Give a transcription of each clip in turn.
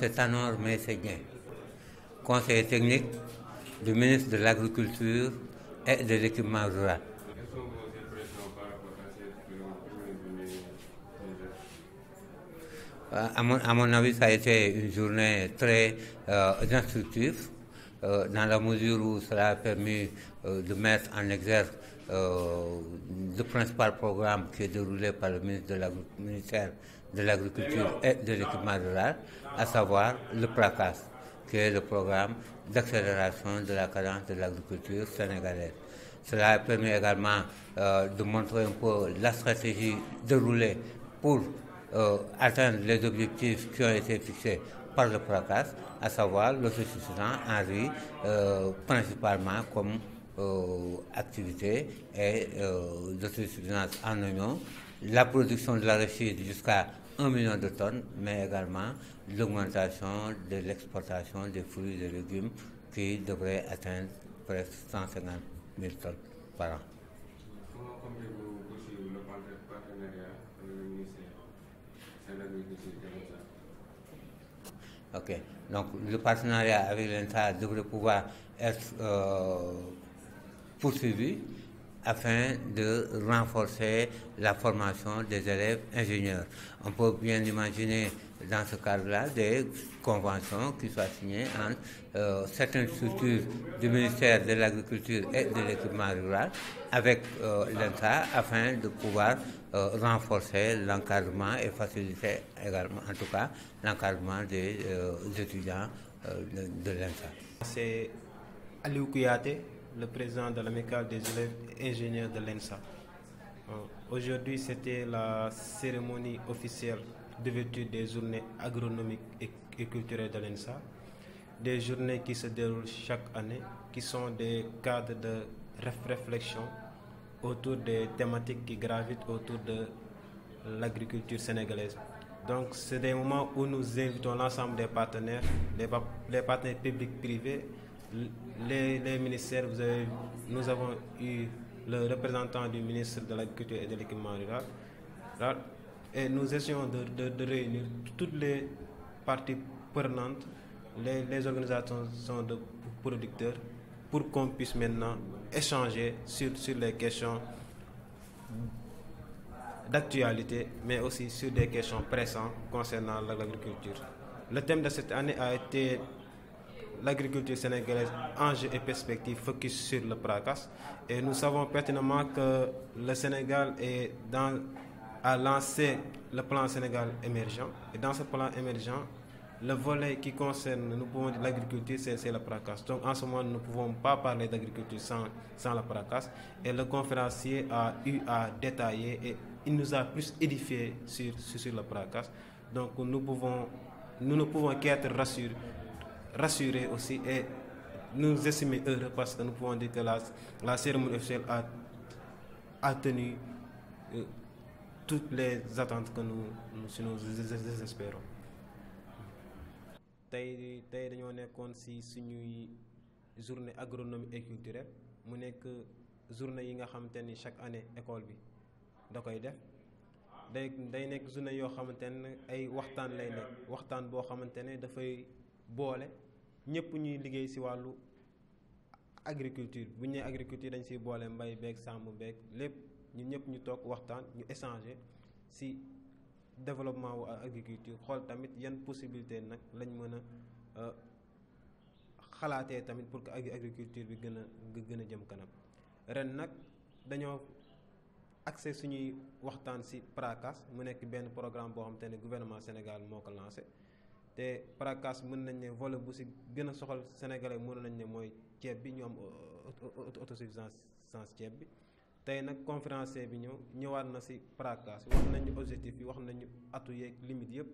cette annonce mais c'est Conseil technique du ministre de l'Agriculture et de l'équipement rural. Euh, à mon, mon, avis, ça a été une journée très euh, instructive, euh, dans la mesure où cela a permis de mettre en exergue le principal programme qui est déroulé par le ministre de l'Agriculture, de l'agriculture et de l'équipement rural, à savoir le PRACAS, qui est le programme d'accélération de la cadence de l'agriculture sénégalaise. Cela permis également euh, de montrer un peu la stratégie déroulée pour euh, atteindre les objectifs qui ont été fixés par le PRACAS, à savoir le en riz, euh, principalement comme activité et de en oignon, la production de la réussite jusqu'à 1 million de tonnes, mais également l'augmentation de l'exportation des fruits et légumes qui devrait atteindre presque 150 000 tonnes par an. Ok, donc le partenariat avec l'INSA devrait pouvoir être euh, poursuivi afin de renforcer la formation des élèves ingénieurs. On peut bien imaginer dans ce cadre-là des conventions qui soient signées entre euh, certaines structures du ministère de l'Agriculture et de l'équipement rural avec euh, afin de pouvoir euh, renforcer l'encadrement et faciliter également, en tout cas, l'encadrement des euh, étudiants de, de l'INSA. C'est le président de l'amicale des élèves ingénieurs de l'ENSA. Euh, aujourd'hui, c'était la cérémonie officielle de d'ouverture des journées agronomiques et culturelles de l'ENSA, des journées qui se déroulent chaque année, qui sont des cadres de réflexion autour des thématiques qui gravitent autour de l'agriculture sénégalaise. Donc, c'est des moments où nous invitons l'ensemble des partenaires, les, les partenaires publics-privés, les, ministères, nous avons eu le représentant du ministre de l'Agriculture et de l'Équipement rural. Et nous essayons de, de, réunir toutes les parties prenantes, les, organisations de producteurs, pour qu'on puisse maintenant échanger sur, sur les questions d'actualité, mais aussi sur des questions pressantes concernant l'agriculture. Le thème de cette année a été l'agriculture sénégalaise, enjeux et perspectives, focus sur le Prakas. Et nous savons pertinemment que le Sénégal est dans, a lancé le plan Sénégal émergent. Et dans ce plan émergent, le volet qui concerne, nous pouvons l'agriculture, c'est le PRACAS. Donc en ce moment, nous ne pouvons pas parler d'agriculture sans, sans le PRACAS. Et le conférencier a eu à détailler et il nous a plus édifié sur, sur, le PRACAS. Donc nous, pouvons, nous ne pouvons qu'être rassurés rassurer aussi et nous estimer heureux parce que nous pouvons dire que la, la cérémonie officielle a, a tenu euh, toutes les attentes que nous, nous, nous espérons. tey tey nous nekkoon ci suñuy journée agronomie et culturelle mu nekk journée yi nga xamante chaque année école bi da koy def day day journée yoo xamante ne ay waxtaan lay nekk ñëpp ñuy liggéey si wàllu agriculture bu ñu nee agriculture dañ siy boole mbay beeg sàmm beeg lépp ñu ñëpp ñu toog waxtaan ñu échanger si développement wu agriculture xool tamit yan possibilité nag lañ mën a euh, xalaatee tamit pour que agriculture bi gën a gën a jëm kanam ren nag dañoo accès suñuy waxtaan si PRACAS mu nekk benn programme boo xam te ne gouvernement Sénégal moo ko lancé te PRACAS mën nañ ne vole bu si gën a soxal sénégalais mën nañ ne mooy ceeb bi ñu am euh, autosuffisance ceeb bi tey nag conférencier bi ñëw ñëwaat na si PRACAS wax nañu objectif yi wax nañu atu yeeg limite yëpp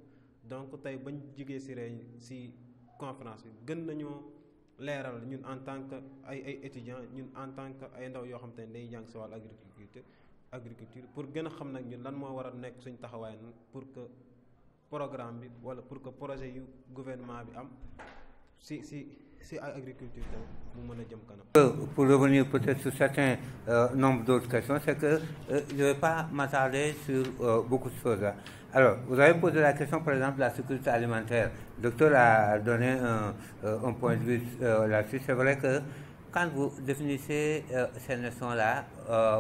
donc tey bañ jigee si rey si conférence bi gën nañoo leeral ñun en tant que ay ay étudiants ñun en tant que ay ndaw yoo xam te ne day jàng si wàllu agriculture agriculture pour gën a xam nag ñun lan moo war nekk suñ taxawaay pour que programme pour que projet gouvernement si si si agriculture euh, pour revenir peut-être sur certains euh, nombre d'autres questions c'est que je euh, je vais pas m'attarder sur beaucoup de choses Alors, vous avez posé la question, par exemple, de la sécurité alimentaire. Le docteur a donné un, un point de vue là-dessus. C'est vrai que quand vous définissez ces notions-là,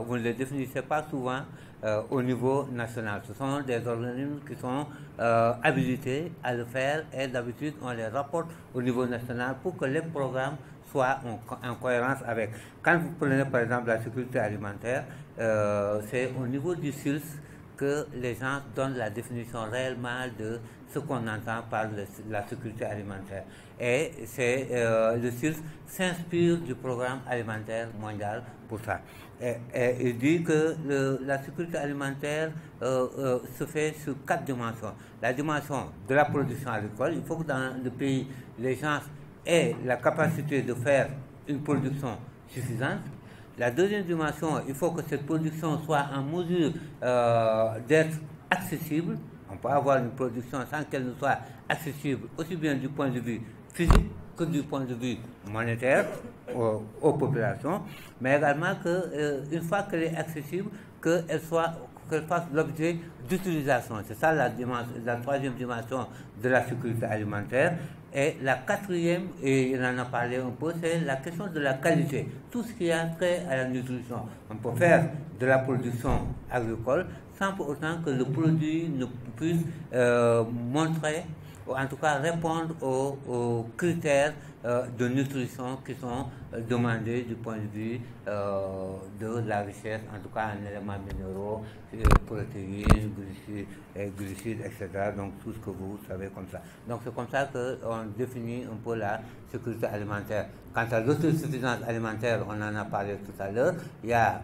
vous ne les définissez pas souvent euh, au niveau national. Ce sont des organismes qui sont euh, habilités à le faire et d'habitude on les rapporte au niveau national pour que les programmes soient en, cohérence avec. Quand vous prenez par exemple la sécurité alimentaire, euh, c'est au niveau du SILS que les gens donnent la définition réellement de ce qu'on entend par la sécurité alimentaire. Et c'est le SILS s'inspire du programme alimentaire mondial pour ça et, il dit que la sécurité alimentaire euh, euh, se fait sur quatre dimensions. La dimension de la production agricole, il faut que dans le pays, les gens aient la capacité de faire une production suffisante. La deuxième dimension, il faut que cette production soit en mesure euh, d'être accessible. On peut avoir une production sans qu'elle ne soit accessible, aussi bien du point de vue physique que du point de vue monétaire aux, populations, mais également qu'une euh, fois qu'elle est accessible, qu'elle soit fasse l'objet d'utilisation. C'est ça la, dimension, la, troisième dimension de la sécurité alimentaire. Et la quatrième, et il en a parlé un peu, c'est la question de la qualité. Tout ce qui est trait à la nutrition. On peut faire de la production agricole sans pour autant que le produit ne puisse euh, montrer en tout cas répondre aux, critères euh, de nutrition qui sont euh, demandés du point de vue euh, de la richesse, en tout cas en éléments minéraux, protéines, glucides, glucides, etc. Donc tout ce que vous savez comme ça. Donc c'est comme ça qu'on définit un peu la sécurité alimentaire. Quant à l'autosuffisance alimentaire, on en a parlé tout à l'heure. Il y a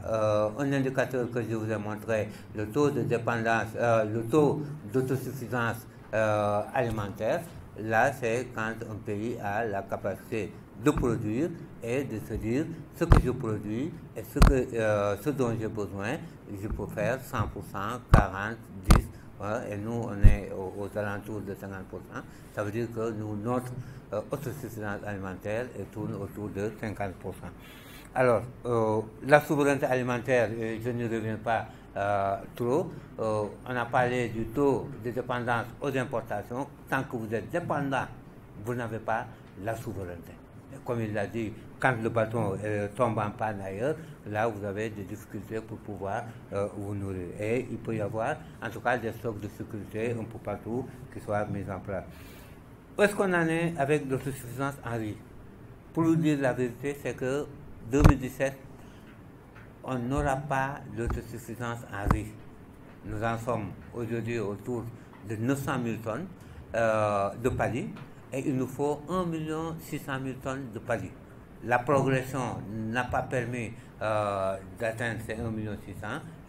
un indicateur que je vous ai montré, le taux de dépendance, le taux d'autosuffisance euh, alimentaire. Là, c'est quand un pays a la capacité de produire et de se dire ce que je produis et ce, que, euh, ce dont j'ai besoin, je peux faire 100%, 40, 10, et nous, on est aux, alentours de 50%. Ça veut dire que nous, notre euh, autosuffisance alimentaire tourne autour de 50%. Alors, euh, la souveraineté alimentaire, je ne reviens pas euh, trop. Euh, on a parlé du taux de dépendance aux importations. Tant que vous êtes dépendant, vous n'avez pas la souveraineté. comme il l'a dit, quand le bâton tombe en panne ailleurs, là vous avez des difficultés pour pouvoir vous nourrir. Et il peut y avoir, en tout cas, des stocks de sécurité un peu partout qui soient mis en place. Où est-ce qu'on en est avec l'autosuffisance en riz Pour vous dire la vérité, c'est que 2017, on n'aura pas d'autosuffisance en riz. Nous en sommes aujourd'hui autour de 900 000 tonnes euh, de palis et il nous faut 1 600 000 tonnes de palis. La progression n'a pas permis euh, d'atteindre ces 1 600 000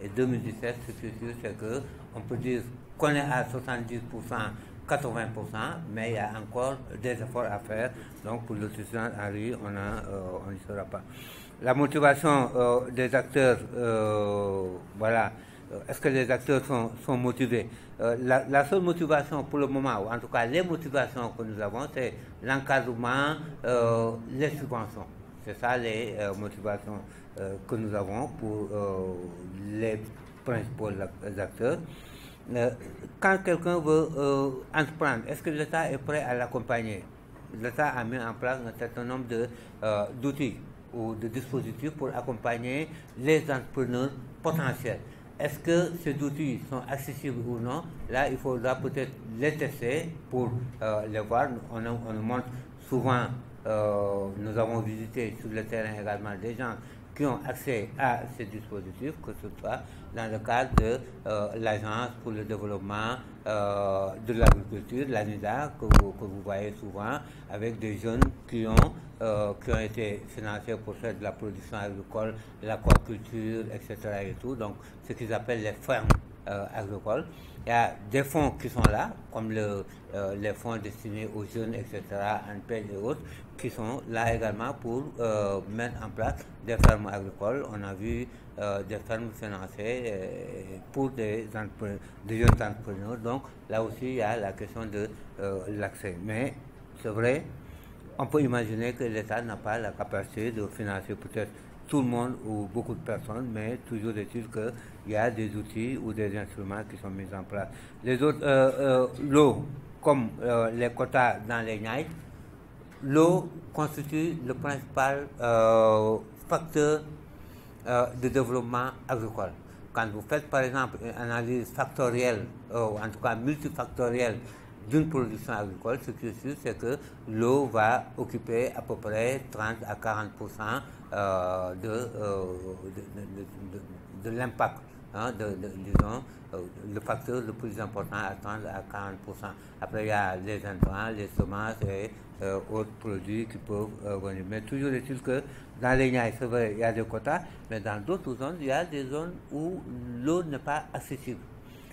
et 2017, ce qui est sûr, c'est qu'on peut dire qu'on est à 70 80%, mais il y a encore des efforts à faire. Donc pour le soutien à lui, on n'y sera pas. La motivation euh, des acteurs, euh, voilà. Euh, est-ce que les acteurs sont, motivés la, la, seule motivation pour le moment, ou en tout cas les motivations que nous avons, c'est l'encadrement, les subventions. C'est ça les motivations que nous avons pour les principaux acteurs. Euh, quand quelqu'un veut euh, entreprendre, est-ce que l'État est prêt à l'accompagner L'État a mis en place un certain nombre euh, d'outils ou de dispositifs pour accompagner les entrepreneurs potentiels. Est-ce que ces outils sont accessibles ou non Là, il faudra peut-être les tester pour les voir. On, on montre souvent, nous avons visité sur le terrain également des gens qui ont accès à ces dispositifs, que ce soit dans le cadre de euh, l'Agence pour le développement euh, de l'agriculture, l'ANIDA, que vous, voyez souvent, avec des jeunes qui ont, euh, qui ont été financés pour faire de la production agricole, l'aquaculture, etc. Et tout, donc ce qu'ils appellent les fermes euh, agricole. Il y a des fonds qui sont là, comme euh, les fonds destinés aux jeunes, etc., en autres, qui sont là également pour euh, mettre en place des fermes agricoles. On a vu des fermes financées pour des, des, jeunes entrepreneurs. Donc là aussi, il y a la question de l'accès. Mais c'est vrai, on peut imaginer que l'État n'a pas la capacité de financer peut-être tout le monde ou beaucoup de personnes, mais toujours est-il que il y a des outils ou des instruments qui sont mis en place. Les autres, euh, euh, l'eau, comme euh, les quotas dans les nights, l'eau constitue le principal facteur de développement agricole. Quand vous faites par exemple une analyse factorielle, ou en tout cas multifactorielle, d'une production agricole, ce qui est sûr, c'est que l'eau va occuper à peu près 30 à 40 de, de l'impact Hein, disons, euh, le facteur le plus important à à 40 Après, il y a les intrants, les semences et euh, autres produits qui peuvent euh, venir. Mais toujours est-il que dans les vrai, il y a des quotas, mais dans d'autres zones, il y a des zones où l'eau n'est pas accessible.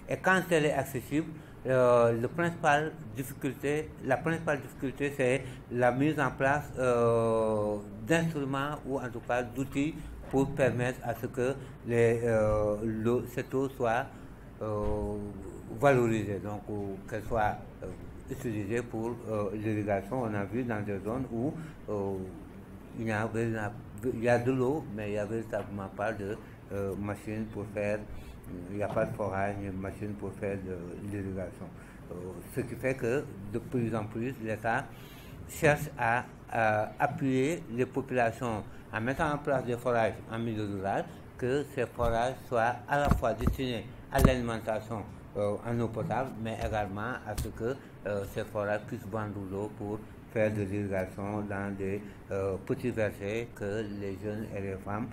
Et quand elle est accessible, le principal difficulté, la principale difficulté, c'est la mise en place d'instruments ou en tout cas d'outils pour permettre à ce que les, euh, cette eau soit euh, valorisée, donc qu'elle soit euh, utilisée pour l'irrigation. On a vu dans des zones où il y, a, de l'eau, mais il n'y a véritablement pas de euh, machine pour faire, il n'y a pas de forage, machine pour faire de, l'irrigation. ce qui fait que de plus en plus, l'État cherche à, à, appuyer les populations en mettant en place des forages en milieu rural, que ces forages soient à la fois destinés à l'alimentation euh, en eau potable, mais également à ce que euh, ces forages puissent vendre l'eau pour faire de l'irrigation dans des euh, petits versets que les jeunes et les femmes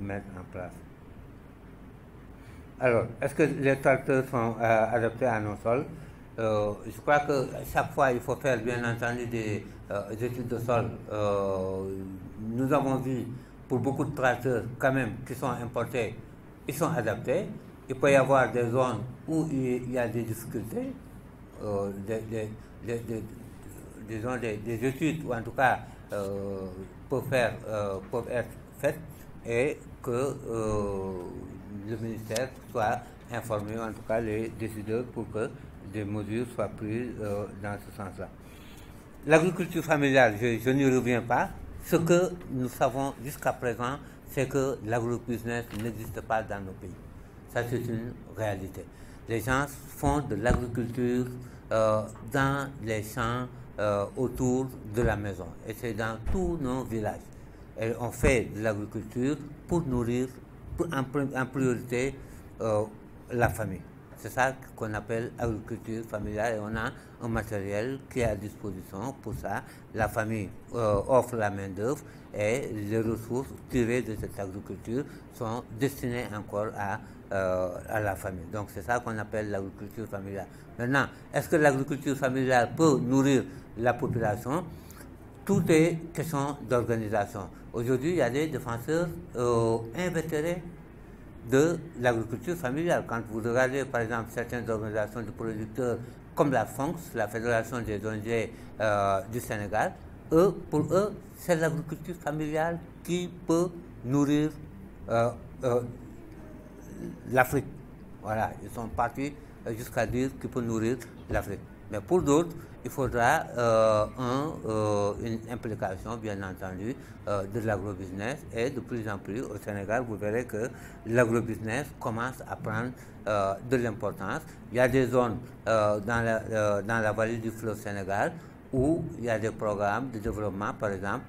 mettent en place. Alors, est-ce que les tracteurs sont adaptés à nos sols Je crois que chaque fois, il faut faire bien entendu des études de sol nous avons vu pour beaucoup de tracteurs quand même qui sont importés, ils sont adaptés. Il peut y avoir des zones où il y a des difficultés, euh, des, des, des, des, études ou en tout cas euh, peuvent, faire, euh, être faites et que euh, le ministère soit informé, en tout cas les décideurs, pour que des mesures soient prises dans ce sens-là. L'agriculture familiale, je n'y reviens pas. Ce que nous savons jusqu'à présent, c'est que l'agrobusiness n'existe pas dans nos pays. Ça, c'est une réalité. Les gens font de l'agriculture euh, dans les champs euh, autour de la maison. Et c'est dans tous nos villages. Et on fait de l'agriculture pour nourrir en, priorité euh, la famille. C'est ça qu'on appelle agriculture familiale et on a un matériel qui est à disposition pour ça. La famille eh, offre eh, la main-d'œuvre et les ressources tirées de cette agriculture sont destinées encore à, à la famille. Donc c'est ça qu'on appelle l'agriculture familiale. Maintenant, est-ce que l'agriculture familiale peut nourrir la population tout est question d'organisation. Aujourd'hui, il y a des défenseurs euh, invétérés de l'agriculture familiale. Quand vous regardez, par exemple, certaines organisations de producteurs comme la FONCS, la Fédération des ONG euh, du Sénégal, eux, pour eux, c'est l'agriculture familiale qui peut nourrir euh, euh, l'Afrique. Voilà, ils sont partis jusqu'à dire qu'ils peut nourrir l'Afrique. Mais pour d'autres, il faudra euh, euh, une implication, bien entendu, euh, de l'agrobusiness. Et de plus en plus, au Sénégal, vous verrez que l'agrobusiness commence à prendre de l'importance. Il y a des zones dans la, vallée du fleuve Sénégal où il y a des programmes de développement, par exemple,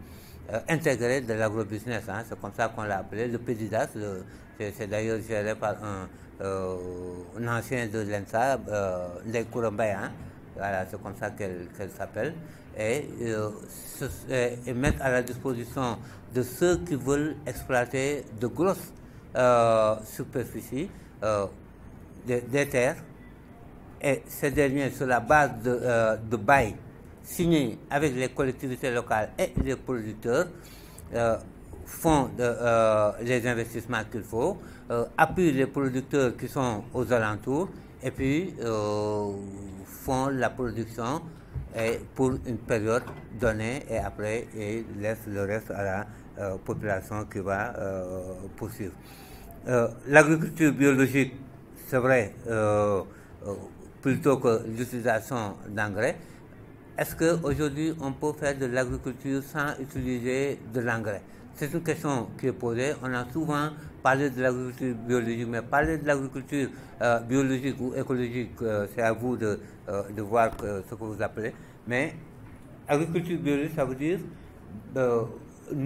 intégrés de l'agrobusiness. Hein. c'est comme ça qu'on l'a appelé, le Pédidas. c'est d'ailleurs géré par un, ancien de l'ENSA, les Ndekourambay, hein. Voilà, c'est comme ça qu'elle s'appelle. Euh, et, mettre à la disposition de ceux qui veulent exploiter de grosses euh, superficies euh, des terres. Et ces derniers, sur la base de, de bail signé avec les collectivités locales et les producteurs, font les investissements qu'il faut, appuient les producteurs qui sont aux alentours, et puis la production et pour une période donnée et après ils laissent le reste à la euh, population qui va euh, poursuivre. Euh, l'agriculture biologique, c'est vrai, plutôt que l'utilisation d'engrais. Est-ce qu'aujourd'hui on peut faire de l'agriculture sans utiliser de l'engrais C'est une question qui est posée. On a souvent parler de l'agriculture biologique, mais parler de l'agriculture euh, biologique ou écologique, euh, c'est à vous de, euh, de voir ce que vous appelez. Mais agriculture biologique, ça veut dire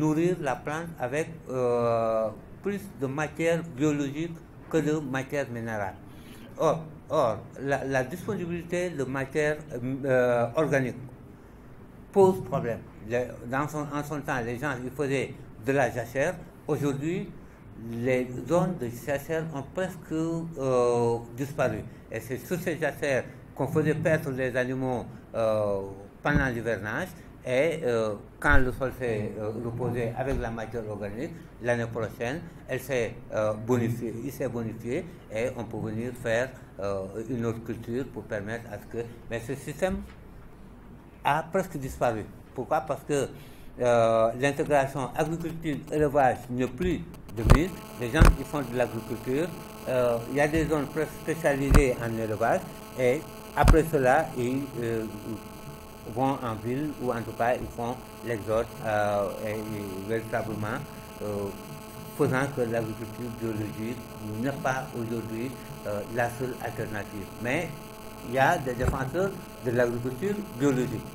nourrir la plante avec plus de matière biologique que de matière minérale. Or, la, disponibilité de matière organique pose problème. dans son, en son temps, les gens ils faisaient de la jachère. Aujourd'hui, les zones de chasseurs ont presque euh, disparu. Et c'est sous ces chasseurs qu'on faisait perdre les animaux euh, pendant l'hivernage. Et euh, quand le sol s'est reposé avec la matière organique, l'année prochaine, elle s'est bonifiée, il s'est bonifié et on peut venir faire une autre culture pour permettre à ce que. Mais ce système a presque disparu. Pourquoi Parce que l'intégration agriculture-élevage n'est plus de les gens qui font de l'agriculture. Euh, il y a des zones spécialisées en élevage et après cela, ils euh, vont en ville ou en tout cas, ils font l'exode euh, véritablement faisant que l'agriculture biologique n'est pas aujourd'hui la seule alternative. Mais il y a des défenseurs de l'agriculture biologique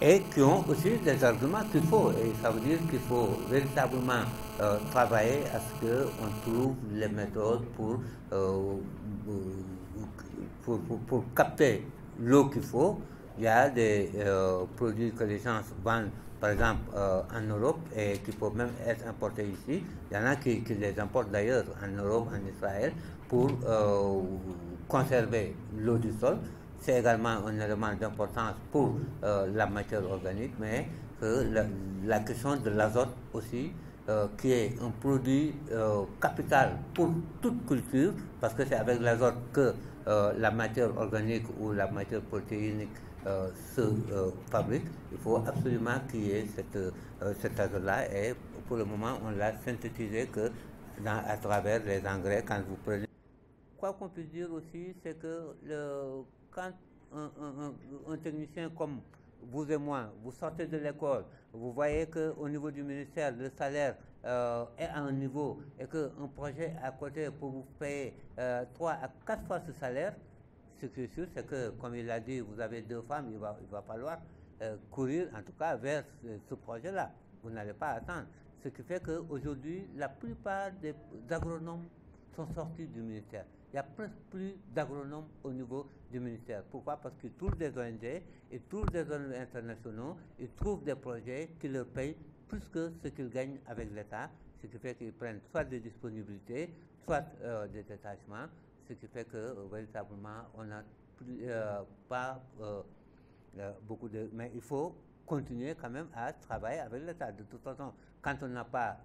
et qui ont aussi des arguments qu'il faut. Et ça veut dire qu'il faut véritablement euh, travailler à ce qu'on trouve les méthodes euh, pour, pour, capter l'eau qu'il faut. Il y a des euh, produits que les gens vendent, par exemple, en Europe et qui peuvent même être importés ici. Il y en a qui, les importent d'ailleurs en Europe, en Israël, pour conserver l'eau du sol. C'est également un élément d'importance pour la matière organique, mais la question de l'azote aussi euh, qui est un produit euh, capital pour toute culture, parce que c'est avec l'azote que euh, la matière organique ou la matière protéinique se fabrique. Il faut absolument qu'il y ait cette, cet azote-là, et pour le moment, on l'a synthétisé que à travers les engrais, quand vous prenez. Quoi qu'on puisse dire aussi, c'est que le, quand un, un, un technicien comme vous et moi, vous sortez de l'école, vous voyez qu'au niveau du ministère, le salaire euh, est à un niveau et qu'un projet à côté pour vous payer euh, trois à quatre fois ce salaire, ce qui est sûr, c'est que, comme il l'a dit, vous avez deux femmes, il va, falloir euh, courir, en tout cas, vers ce, ce projet-là. Vous n'allez pas attendre. Ce qui fait qu'aujourd'hui, la plupart des agronomes sont sortis du ministère. Il n'y a plus d'agronomes au niveau du ministère. Pourquoi Parce qu'ils trouvent des ONG, ils trouvent des ONG internationaux, ils trouvent des projets qui leur payent plus que ce qu'ils gagnent avec l'État, ce qui fait qu'ils prennent soit des disponibilités, soit euh, des détachements, ce qui fait que euh, véritablement on n'a euh, pas beaucoup de... Mais il faut continuer quand même à travailler avec l'État. De toute façon, quand on n'a pas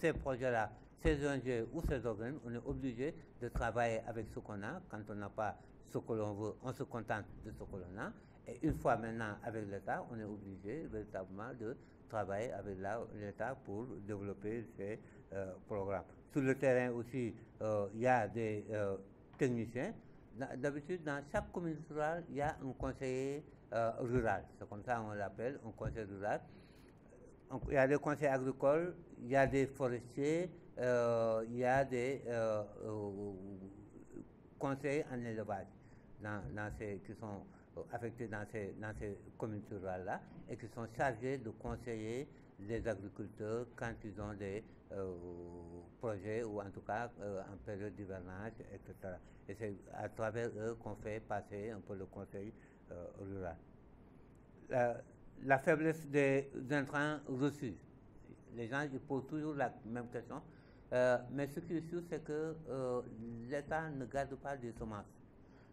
ces projets-là ces enjeux ou ces organes on est obligé de travailler avec ce qu'on a. Quand on n'a pas ce que l'on veut, on se contente de ce que l'on a. Et une fois maintenant avec l'État, on est obligé véritablement de travailler avec l'État pour développer ces euh, programmes. Sur le terrain aussi, euh, il y a des euh, techniciens. D'habitude, dans chaque commune rurale, il y a un conseiller rural. C'est comme ça on l'appelle, un conseiller rural. il y a des conseillers agricoles, il y a des forestiers, euh, il y a des euh, euh, conseils en élevage dans, ces, qui sont affectés dans ces, dans ces communes rurales-là et qui sont chargés de conseiller les agriculteurs quand ils ont des projets ou en tout cas en période d'hivernage, etc. Et c'est à travers eux qu'on fait passer un peu le conseil rural. La, faiblesse des intrants reçus. Les gens ils posent toujours la même question. Euh, mais ce qui est sûr, c'est que euh, l'État ne garde pas des semences.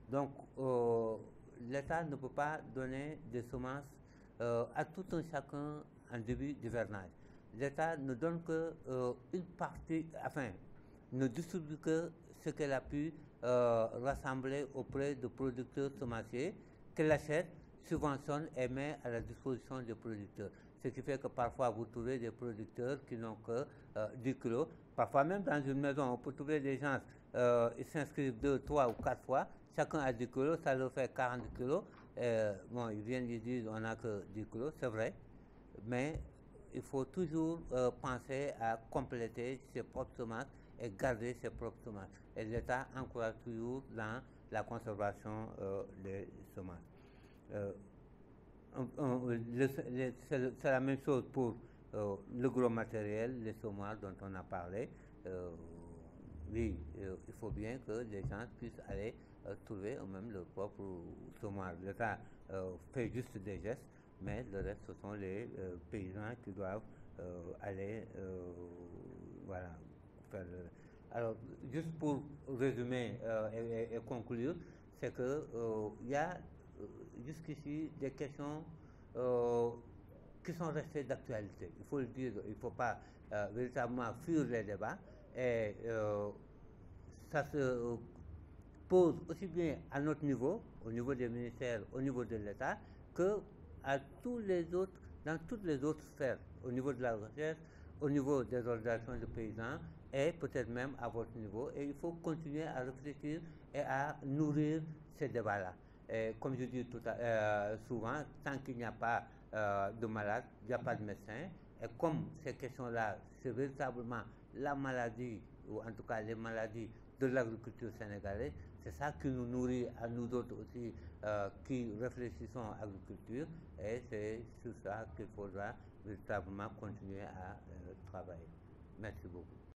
Donc, euh, l'État ne peut pas donner des semences à tout un chacun en début d'hivernage. L'État ne donne que une partie, afin ne distribue que ce qu'elle a pu rassembler auprès de producteurs semenciers, qu'elle achète, subventionne et met à la disposition des producteurs ce qui fait que parfois vous trouvez des producteurs qui n'ont que euh, du 10 Parfois même dans une maison, on peut trouver des gens, euh, ils s'inscrivent deux, trois ou quatre fois, chacun a du kilos, ça leur fait 40 kilos. bon, ils viennent, ils disent on n'a que du kilos, c'est vrai, mais il faut toujours euh, penser à compléter ses propres tomates et garder ses propres tomates. Et l'État encourage toujours dans la conservation des tomates c'est la même chose pour euh, le gros matériel, les sommaires dont on a parlé. Euh, oui, euh, il faut bien que les gens puissent aller trouver eux-mêmes leur propre le cas fait juste des gestes, mais le reste, ce sont les paysans qui doivent aller voilà, faire Alors, juste pour résumer et, conclure, c'est qu'il il y a euh, jusqu'ici des questions euh, qui sont restées d'actualité. Il faut le dire, il ne faut pas euh, véritablement fuir les débats. Et ça se pose aussi bien à notre niveau, au niveau des ministères, au niveau de l'État, que à tous les autres, dans toutes les autres sphères, au niveau de la recherche, au niveau des organisations de paysans et peut-être même à votre niveau. Et il faut continuer à réfléchir et à nourrir ces débats-là. Et comme je dis tout euh, souvent, tant qu'il n'y a pas euh, de malade, il n'y a pas de médecin. Et comme ces questions-là, c'est véritablement la maladie, ou en tout cas les maladies de l'agriculture sénégalaise, c'est ça qui nous nourrit à nous autres aussi euh, qui réfléchissons à l'agriculture et c'est sur ça qu'il faudra véritablement continuer à travailler. Merci beaucoup.